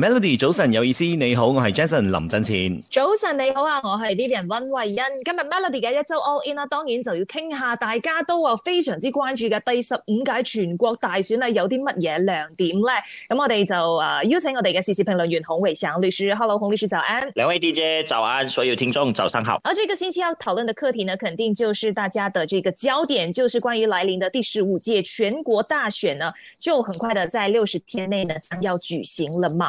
Melody，早晨有意思，你好，我係 Jason 林振錢。早晨你好啊，我係 Vivian 温慧欣。今日 Melody 嘅一周 All In 啦、啊，當然就要傾下大家都話非常之關注嘅第十五屆全國大選啦，有啲乜嘢亮點咧？咁我哋就啊邀請我哋嘅時事評論員洪偉祥律師，Hello 洪律師早安。兩位 DJ 早安，所有聽眾早上好。而、啊、呢、這個星期要討論嘅課題呢，肯定就是大家的這個焦點，就是關於來臨的第十五屆全國大選呢，就很快的在六十天內呢將要舉行了嘛。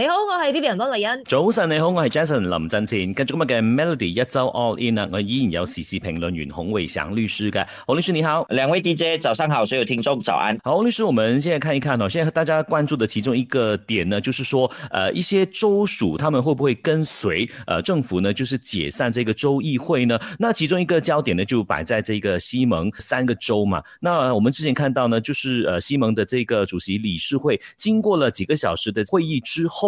你好，我係 B B 人方麗欣。早晨，你好，我係 Jason 林振前。跟住今日嘅 Melody 一周 All In 我依然有時事評論員洪偉祥律師的洪律師你好，兩位 DJ 早上好，所有聽眾早安。好，洪律師，我們現在看一看現在大家關注的其中一個點呢，就是說，呃、一些州屬，他們會不會跟隨、呃，政府呢，就是解散這個州議會呢？那其中一個焦點呢，就擺在這個西蒙三個州嘛。那我們之前看到呢，就是、呃、西蒙的這個主席理事會，經過了幾個小時的會議之後。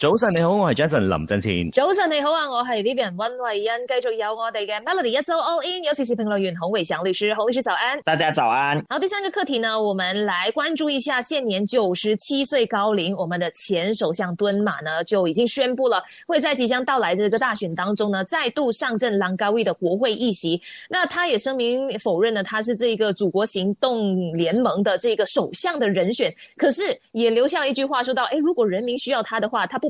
早晨你好，我係 Jason 林振前。早晨你好啊，我係 Vivian 温慧欣。繼續有我哋嘅 Melody 一周 all, all In 有時事評論員洪偉祥律師，洪律,律師早安。大家早安。好，第三個課題呢，我們來關注一下。現年九十七歲高齡，我們的前首相敦馬呢就已經宣布了，會在即將到來這個大選當中呢再度上陣，Langawi 的國會議席。那他也聲明否認呢，他是這個祖國行動聯盟的這個首相的人選，可是也留下了一句話，說到：誒、欸，如果人民需要他的話，他不。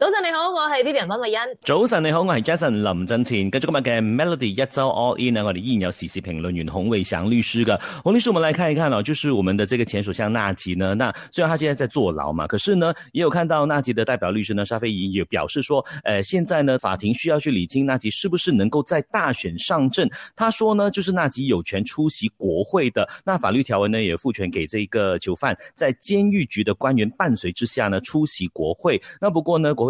早晨你好，我係 B B 人方慧欣。早晨你好，我係 Jason 林真晴。繼續今日嘅 Melody 一周 All In 啊，我哋依然有時事評論員洪偉祥律師噶。洪律師，我們來看一看，啦，就是我們的這個前首相納吉呢。那雖然他現在在坐牢嘛，可是呢，也有看到納吉的代表律師呢沙菲儀也表示說，誒、呃，現在呢法庭需要去理清納吉是不是能夠在大選上陣。他說呢，就是納吉有權出席國會的，那法律條文呢也賦權給這個囚犯，在監獄局的官員伴隨之下呢出席國會。那不過呢國